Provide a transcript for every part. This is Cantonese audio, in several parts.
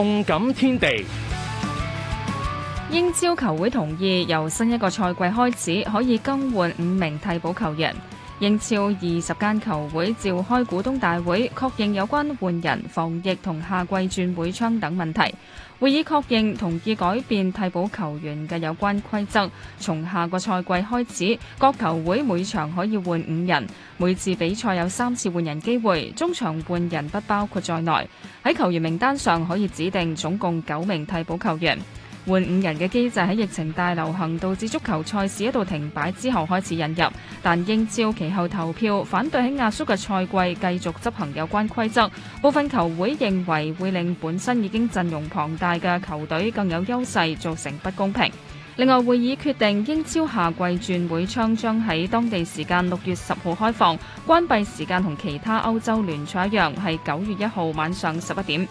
動感天地，英超球會同意，由新一個賽季開始，可以更換五名替補球員。英超二十間球會召開股東大會，確認有關換人、防疫同夏季轉會窗等問題。會議確認同意改變替補球員嘅有關規則，從下個賽季開始，各球會每場可以換五人，每次比賽有三次換人機會，中場換人不包括在內。喺球員名單上可以指定總共九名替補球員。換五人嘅機制喺疫情大流行導致足球賽事一度停擺之後開始引入，但英超其後投票反對喺壓縮嘅賽季繼續執行有關規則，部分球會認為會令本身已經陣容龐大嘅球隊更有優勢，造成不公平。另外會議決定，英超夏季轉會窗將喺當地時間六月十號開放，關閉時間同其他歐洲聯賽一樣，係九月一號晚上十一點。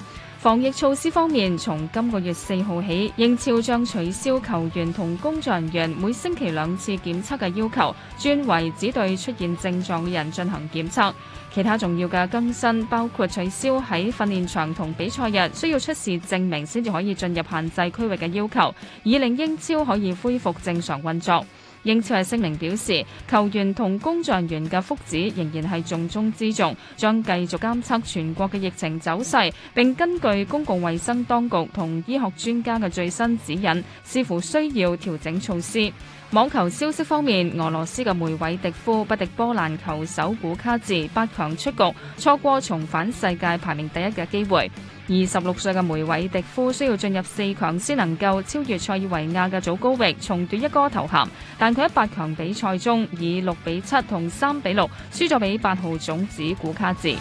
防疫措施方面，從今個月四號起，英超將取消球員同工作人員每星期兩次檢測嘅要求，轉為只對出現症狀嘅人進行檢測。其他重要嘅更新包括取消喺訓練場同比賽日需要出示證明先至可以進入限制區域嘅要求，以令英超可以恢復正常運作。英超係聲明表示，球員同工作人員嘅福祉仍然係重中之重，將繼續監測全國嘅疫情走勢，並根據公共衛生當局同醫學專家嘅最新指引，視乎需要調整措施。網球消息方面，俄羅斯嘅梅維迪夫不敵波蘭球手古卡治八強出局，錯過重返世界排名第一嘅機會。二十六歲嘅梅維迪夫需要進入四強先能夠超越塞爾維亞嘅祖高域，重奪一哥頭銜，但。佢喺八強比賽中，以六比七同三比六輸咗俾八號種子古卡治。